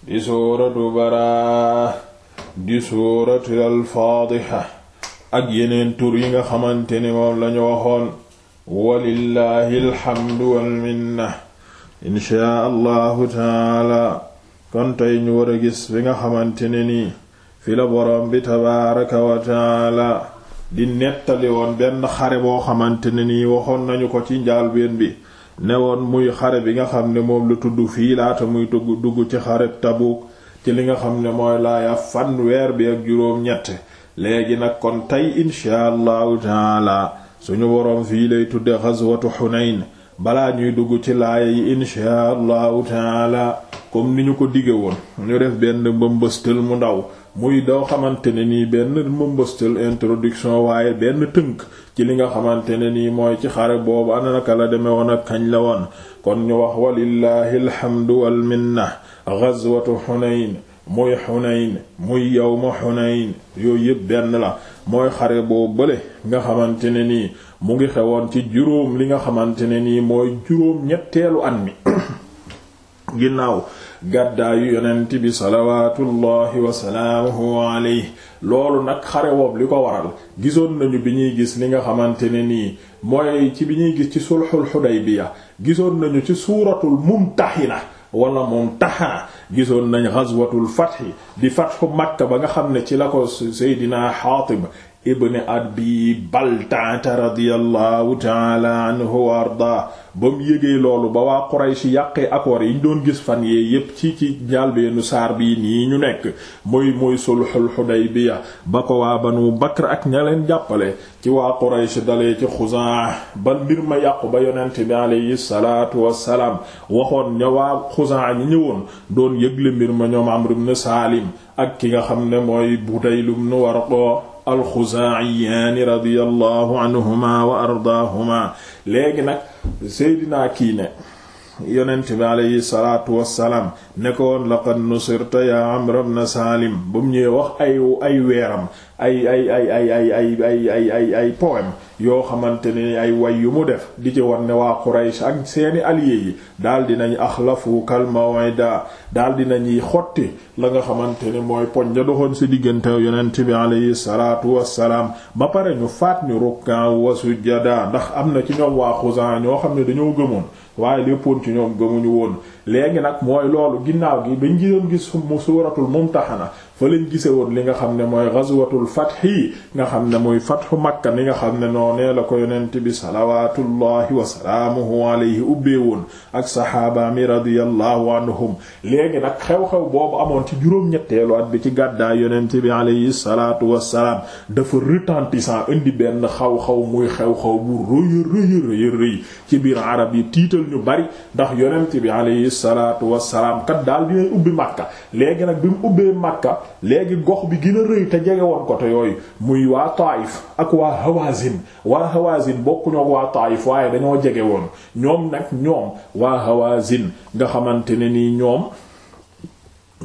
di suuratu baraa di suuratu alfaadixa ak yeneen tur yi nga xamante ni moom lañu waxoon walillaahi alxamdu walminna inchaa allahu taala kon tey ñu war a gis bi nga xamante ne nii fi la boroom bi tabaaraka wa di nettali woon benn xare boo xamante ne nii waxoon nañu ko ci njaalbeen bi newoon muy xare bi nga xam ne moom lu tudd fii laata muy dugg dugg ci xare Tabuk ci li nga xam ne mooy laaya fanweer bi ak juróom ñett léegi nag kon tey insha allahu taala suñu woroom fii lay tudde xaswatu xunayn balaa ñuy dugg ci laaya yi insha allahu comme ni ñu ko dige woon ñu def benn mbëmbëstal mu ndaw muy doo xamante ne nii benn mbëmbëstal introduction waaye benn tënk ci li nga xamante ne nii mooy ci xare boobu ana naka la demee woon ak kañ la woon kon ñu wax walillahi alhamdu wal minna ghazwatu Hunayn muy Hunayn muy yawma Hunayn yooyu yëpp benn la mooy xare boo bële nga xamante ne nii mu ngi xewoon ci juróom li nga xamante ne nii mooy juróom ñetteelu at mi ginnaaw gàddaayu yonent bi salawaatullahi wasalaamuhu alayhi loolu nag xare woob li ko waral gisoon nañu bi ñuy gis li nga xamante ne nii mooy ci bi ñuy gis ci sulxul xudaybiya gisoon nañu ci suuratul mumtaxina wala mumtaxana gisoon nañu ghazwatul fathi di fathu makka ba nga xam ne ci la ko seydinaa xaatib ibn Adbi Baltaata radiyallahu taala anhu wa ardaa ba mu yégee loolu ba waa Quraysh yàqee accords yi ñu doon gis fan yee yépp ci ci njàlbeenu saar bii nii ñu nekk mooy muy sulxul Xudaybiya ba ko waa wu Bakr ak ña leen jàppale ci waa Quraysh dalee ci Xuzaa bal mbir ma yàqu ba yonent bi alayhi salaatu wassalaam waxoon ña waa Xuzaa ñi ñëwoon doon yëgle mbir ma ñoom Amr ibn Saalim ak ki nga xam ne mooy Budayl ibn Warqa alxuzaa'iyaani radiyallahu anhuma wa ardaahuma léegi nag seydinaa kii ne yonent bi aleyhi salaatu wassalaam ne ko woon laqad nusirta yaa Amr ibn Salim ba mu ñëwee wax ay ay weeram ay ay ay ay ay ay ay ay ay ay poème yoo xamante ne ay way yu mu def di ci war ne waa Quraysh ak seeni alliés yi daal ak lafu kal mawida daal dinañuy xotti la nga xamante ne mooy poñ da doxoon ci diggante yonent bi alayhi salaatu wassalaam ba pare ñu faat ñu rukkan wa sujjada ndax am na ci ñoom waa Xuzaa ñoo xam ne dañoo gëmoon waaye léppoon ci ñoom gëmuñu woon léegi nag mooy loolu ginnaaw gi bañ gisoon gis mu suuratul mumtaxana fa lañ gise woon li nga xam ne mooy ghazwatul fath yi nga xam ne mooy fathu makka ni nga xam ne noonee la ko yonent bi salawatullahi wasalaamuhu alayhi ubbee woon ak sahaaba mi radiyallahu anhum léegi nag xew-xew boobu amoon ci juróom-ñetteelu at bi ci gàddaay yonent bi alayhi salatu wasalaam dafa retentissant indi benn xaw-xaw muy xew-xaw bu rëy ci biir arab yi tiital ñu bari ndax yonent bi alayhi salaatu wassalaam kat daal dinay ubbi Makka léegi nag bi mu ubbee Makka léegi gox bi gën a rëy te jege woon ko te yooyu muy waa Taayif ak waa Hawazin waa Hawazin bokkuñu waa Taayif waaye dañoo jege woon ñoom nag ñoom waa Hawazin nga xamante ne nii ñoom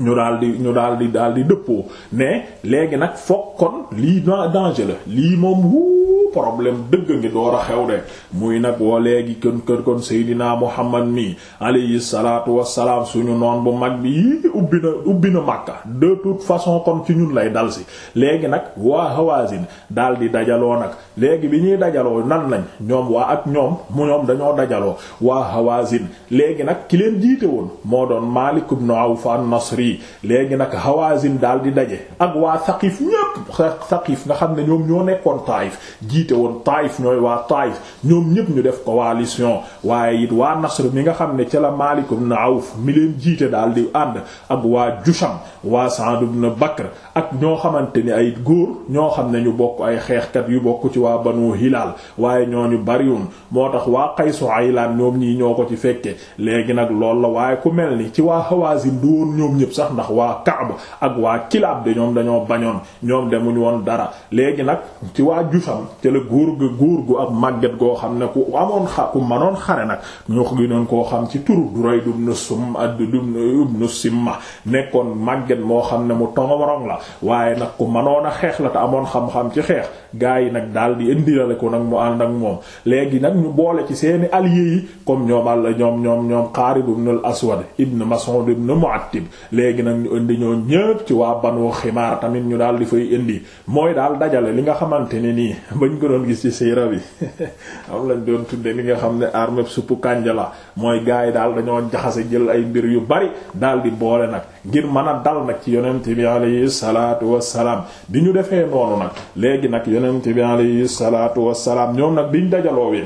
ñu daal di ñu daal di daal di dëppoo mais léegi nag foog kon lii danger la lii moom wuu problème dëgg ngi door xew de muy nag woo léegi kon kër kon Seydina Muhammad mi alayhi salaatu wassalaam suñu noon bu mag bi yii ubbi na ubbi na Makka de toute façon kon ci ñun lay dal si léegi nag waa Hawazin daal di dajaloo nag léegi bi ñuy dajaloo nan lañ ñoom waa ak ñoom mu ñoom dañoo dajaloo waa Hawazin léegi nag ki leen jiite woon moo doon Maalik ibn Awf nasri yi léegi nag Hawazin daal di daje ak waa Saqif ñépp Saqif nga xam ne ñoom ñoo nekkoon Taayif jiite woon Taayif ñooy waa Taayif ñoom ñépp ñu def coalition waaye it waa Nasr mi nga xam ne ca la Maalik ibn Awf mi leen jiite daal di ànd ak waa Jusham waa Sa'd ibn Bakr ak ñoo xamante ni ay góor ñoo xam ne ñu bokk ay xeexkat yu bokk ci waa Banu Hilaal waaye ñooñu bariwun moo tax waa Qaysu Aylaan ñoom ñii ñoo ko ci fekke léegi nag loolu la waaye ku mel ni ci sax ndax waa Kaab ak waa Kilaab de ñoom dañoo bañoon ñoom demuñ woon dara léegi nag ci waa Jusam te la góor gu góor gu ab màgget goo xam ne ku amoon xa ku manoon xare nag ñu gënoon koo xam ci turu Durayd ibn Sum ad ibn Simma nekkoon màgget moo xam ne mu tongawarong la waaye nag ku manoon a xeex la te amoon xam-xam ci xeex gaa yi nag daal di indirale ko nag mu ànd ak moom léegi nag ñu boole ci seeni alliés yi comme ñoom àll ñoom ñoom ñoom Xaalid ibn al Aswad ibn Mas'ud ibn Mu'attib léegi nag ñu indi ñoo ñëpp ci waa banu ximaar tamit ñu daal di fay indi mooy daal dajale li nga xamante ne nii bañ ko doon gis ci siira bi am lañ doon tudde li nga xam ne armée suppu kànja la mooy gars yi daal dañoo jaxase jël ay mbir yu bari daal di boole nag ngir mën a dal nag ci yonent bi alayhi salaatu wassalaam bi ñu defee noonu nag léegi nag yonent bi alayhi salaatu wassalaam ñoom nag biñ dajaloowee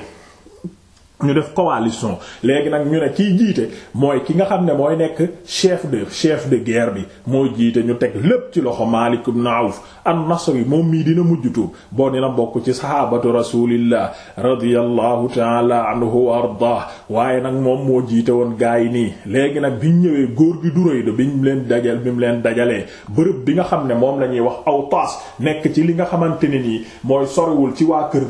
ñu def coalition léegi nag ñu ne kiy jiite mooy ki nga xam ne mooy nekk chef de chef de guerre bi moo jiite ñu teg lépp ci loxo Maalik ibn Awf an-Nasri moom mii dina mujj tuub boo na bokk ci sahabatu rasulillah radiyallahu ta'ala anhu wa ardah waaye nag moom moo jiite woon gaa yi nii léegi nag biñ ñëwee góor gi duréy bi biñ leen dajal bi mu leen dajalee bërëb bi nga xam ne moom la ñuy wax Awtaas nekk ci li nga xamante ne nii mooy soriwul ci waa kër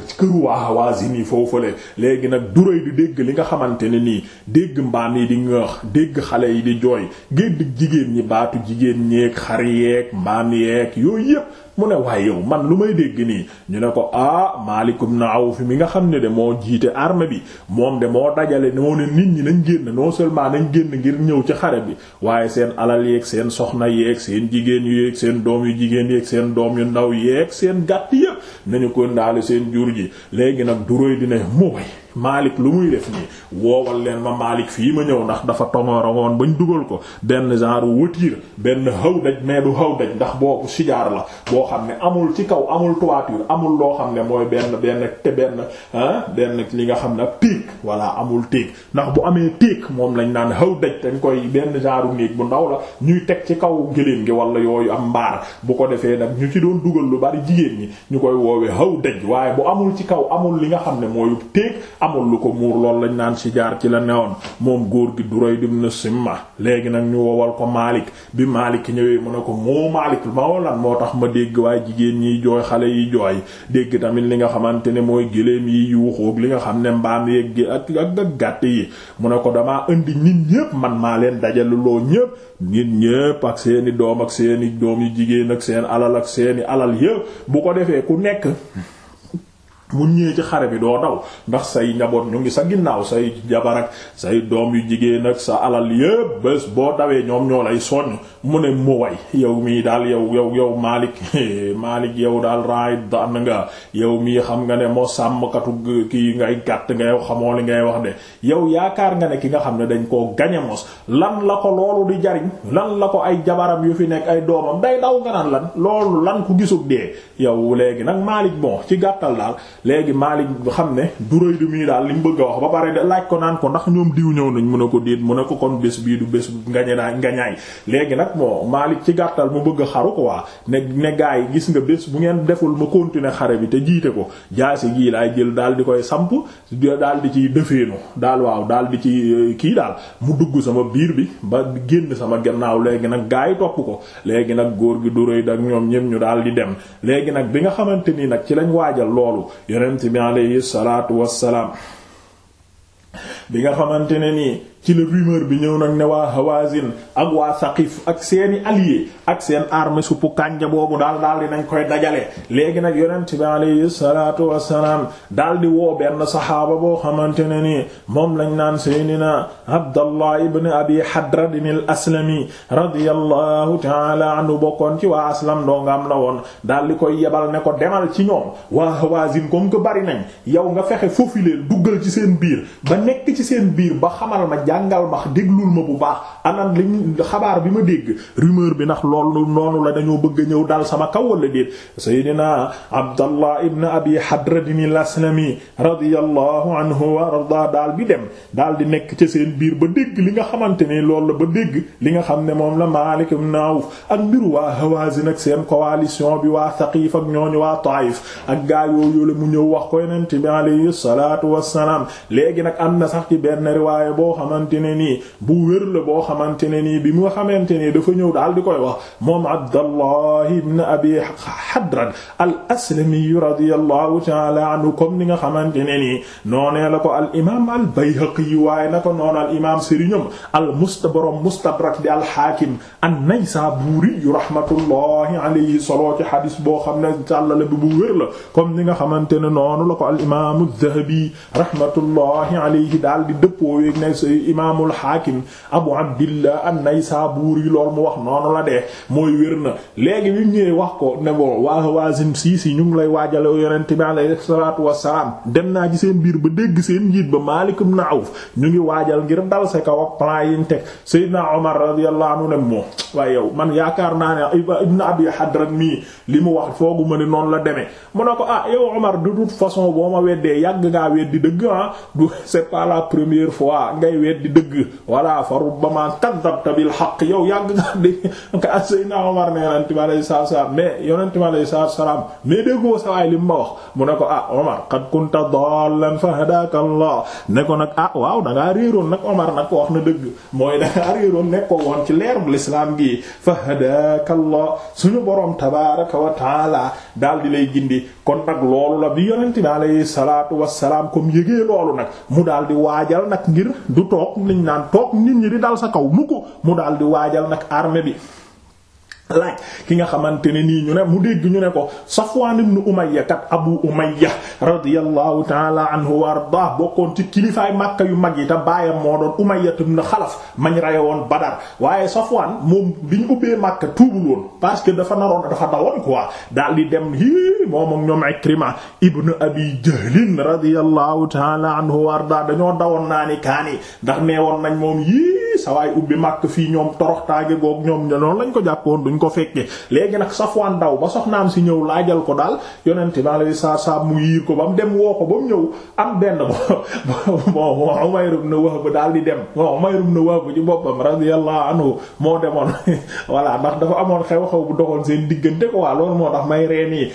wéy di dégg li nga xamante ne nii dégg mbaam yi di ŋëx dégg xale yi di jooy gédd jigéen ñi baatu jigéen ñeeg xar yeeg mbaam yeek yooyu yépp mu ne waaye yow man lu may dégg nii ñu ne ko ah Maalik ibn Awf mi nga xam ne de moo jiite armée bi moom de moo dajale moo ne nit ñi nañ génn noo seulement nañ génn ngir ñëw ci xare bi waaye seen alal yeek seen soxna yeeg seen jigéen yeeg seen doom yu jigéen yeek seen doom yu ndaw yeeg seen gàtt yëpp nañu ko ndaale seen jur ji léegi nag duróy dina mu bay Maalik lu muy def nii woowal leen ma Maalik fii ma ñëw ndax dafa tongorogoon bañ dugal ko benn genre wëtiir benn hawdaj mais du hawdaj ndax boobu xam ne amul ci kaw amul toiture amul loo xam ne mooy benn benn te benn benn li nga xam ne ak téeg amul téeg ndax bu amee téeg moom lañ naan xaw daj dañ koy benn genre néeg bu ndaw la ñuy teg ci kaw gëléem gi wala yooyu am mbaar bu ko defee nag ñu ci doon dugal lu bari jigéen ñi ñu koy woowee xaw daj waaye bu amul ci kaw amul li nga xam ne mooy téeg amul lu ko muur loolu lañ naan si jaar ci la newoon moom góor gi duray dim na simma léegi nag ñu wowal ko Maalik bi Maalik ñëwee mu ne ko moo Maalik moo tax ma dégg waaye jigéen ñiy jooy xale yi jooy dégg tamit li nga xamante ne mooy géléem yi yuuxoog li nga xam ne mbaam yeeg ak ak gàtt yi mu ne ko damaa indi nit ñépp man maa leen dajalu loo ñépp nit ñépp ak seeni doom ak seeni doom yu jigéen ak seen alal ak seeni alal yëpp bu ko defee ku nekk mu ñëwee ci xare bi doo daw ndax say njaboot ñu ngi sa ginnaaw say jabarak say doom yu jigéen ak sa alal yépp bés boo dawee ñoom ñoo lay soññ mu ne mu way yow mii daal yow yow yow Malik Malik yow daal raay daan nga yow mii xam nga ne moo sàmmkatu kii ngay gàtt nga xamoo li ngay wax de yow yaakaar nga ne ki nga xam ne dañ koo gañe mos lan la ko di jariñ lan la ko ay jabaram yu fi nekk ay doomam day daw nga naan lan loolu lan ku gisug dee léegi nag Malik bon ci gàttal daal léegi Maalik xam ne duréy du mii daal li mu bëgg a wax ba pare de laaj ko naan ko ndax ñoom diw ñëw nañ mu ne ko déet mu ne ko kon bés bii du bés ngañe naa ngañaay léegi nag moo Maalik ci gàttal mu bëgg a xaru ko waa ne ne gaa yi gis nga bés bu ngeen deful ma continuer xare bi te jiite ko jaasi gii laay jël daal di koy samp daal di ci defeenu daal waaw daal di ci euh, kii daal mu dugg sama biir bi ba génn sama gannaaw léegi nag gaa yi topp ko léegi nag góor gi du rëy dak ñoom ñëm ñu daal di dem léegi nag bi nga xamante ni nag ci lañ waajal loolu yonent bi aleyhi salaatu wassalaam bi nga xamante ne nii ci la rumeur bi ñëw nag ne waa Hawazin ak waa Saqif ak seeni alliés ak seen armée suppu kànja boobu daal daal di nañ koy dajale léegi nag yonent bi alayhi salaatu wassalaam daal di woo benn saxaaba boo xamante ne nii moom lañ naan Seydina Abdallah ibn Abi Hadrad al-Aslami radiyallahu ta'ala anhu bokkoon ci waa aslam doo nga am na woon daal di koy yebal ne ko demal ci ñoom waa Hawazin comme que bari nañ yow nga fexe foofu leen duggal seen biir ci seen biir ba xamal ma jàngal ma déglul ma bu baax anam liñ xabaar bi ma dégg rumeur bi ndax loolu noonu la dañoo bëgg ñëw dal sama kaw wala déet seydina abdallah ibn abi hadradin al-aslami radiyallahu anhu wa arda daal bi dem daal di nekk ca seen biir ba dégg li nga xamante ne lool la ba dégg li nga xam ne moom la Maalik ibn Awf ak mbiru waa Hawaazin ak seen coalition bi waa Saqiif ak ñooñu waa Taayif ak gaa yooyu la mu ñëw wax ko yonent bi alayhi salaatu wassalaam léegi nag am na sax ci benn riwaaye boo xamante ne nii bu wér la boo xamante ne nii bi mu xamante ne dafa ñëw daal di koy wax moom Abdallah ibn Abi Hadrad al Aslami radiyallahu ta'ala anhu comme ni nga xamante ne nii noonee la ko al imaam al Bayhaqi waaye na ko noon al imaam sëriñam al musta borom Mustadrak di al Hakim an-Naysaburi rahmatullahi alayhi solo ci hadis boo xam ne càllale bi bu wér la comme ni nga xamante ne noonu la ko al imaam az-Zahabi rahmatullahi alayhi daal daal di dëppoo yeeg ne imaamul hakim abu abdillah mu wax noonu la dee mooy wér na léegi bi mu ñëwee wax ko ne ko waa Hawazin sii si ñu lay waajale yonent bi alayhi salaatu wassalaam dem naa ci seen biir ba dégg seen njiit ba Maalik ibn Awf ñu ngi waajal ngir dal sa kaw ak plan yi ñu teg Seydina Omar radiyallahu anhu ne moo waaye yow man yaakaar naa ne ibn Abi Hadrad mii li mu wax foogu ma noonu la demee mu ne ko ah yow Omar de façon boo ma weddee yàgg ngaa weddi dëgg ah, du c'est la première fois ngay weddi dëgg walla fa rubbama kadhabta bil haqq yow yàgg nga dégg nga Seydina Omar ne yonent bi alayhi salaatu salaam mais yonent bi alayhi salaatu salaam mais déggoo sa waay li mu ma wax mu ne ko ah Omar qad kunta dallan fahadaaka Allah ne ko nag ah waaw da ngaa réeroon nag Omar nag wax na dëgg mooy da ngaa réeroon nekkoo woon ci leer bu lislaam gi fahadaaka Allah suñu borom tabaaraka wa taala daal di lay gindi kon nag loolu la bi yonent bi alayhi salaatu wa salaam waajal nag ngir du toog liñ naan toog nit ñi di dal sa kaw mu ko mu daal di waajal nag armée bi laaj ki nga xamante ne nii ñu ne mu dégg ñu ne ko Safwaan ibn Umayya kat Abu Umayya radiyallahu ta'ala anhu wa ardaah bokkoon ci kilifaay Makka yu mag yi te baayam moo doon Umayya ibn Xalaf mañ woon Badar waaye Safwaan moom bi ñu ubbee Makka tuubul woon parce que dafa naroon dafa dawoon quoi daal di dem hi moom ak ñoom Ikrima ibn Abi Jahlin radiyallahu ta'ala anhu wa dañoo dawoon naa ni kaani ndax nee woon nañ moom yii sawaay ubbi màkk fii ñoom toroxtaange goog ñoom noonu lañ ko jàppoon duñ ko fekkee léegi nag Safwaan daw ba soxnaam si ñëw laajal ko daal yonente maa lay saa saa mu yiir ko ba dem woo ko ba mu ñëw am benn bon Umayr ibn Wahb daal di dem bon Umayr ibn Wahb ci boppam radiyallahu anhu moo demoon voilà ndax dafa amoon xew-xew bu doxoon seen ko waa moo tax may reen yi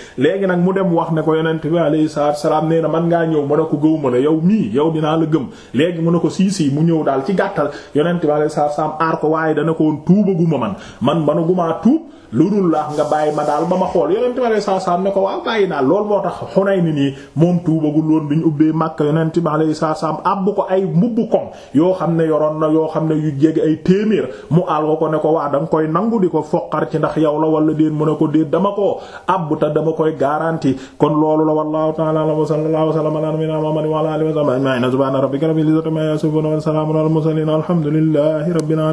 nag mu dem wax ne ko yonente bi alayhi salaatu salaam na man ngaa ñëw mu ne ko gëwuma la yow mii yow dinaa la gëm léegi mu ne ko sii mu ñëw daal ci gàttal yonente alayhi salaam aar ko waaye dana ko woon tuubaguma man man manuguma tuub lu dul laax nga bàyyi ma daal ba ma xool yonent bi alayhi salaam ne ko waaw bàyyi naa lool moo tax xunay ni nii moom tuubagul woon bi ñu ubbee Makka yonent bi alayhi salaam abbu ko ay mbubbu koŋ yoo xam ne yoroon na yoo xam ne yu jege ay téeméer mu àll ko ko ne ko waa da nga koy nangu di ko foqar ci ndax yow la wala déet mu ne ko déet dama ko abbu te dama koy garanti kon loolu la wallahu ta'ala a'lam wa sallallahu wa sallama ala nabiyyina Muhammadin wa ala alihi wa sahbihi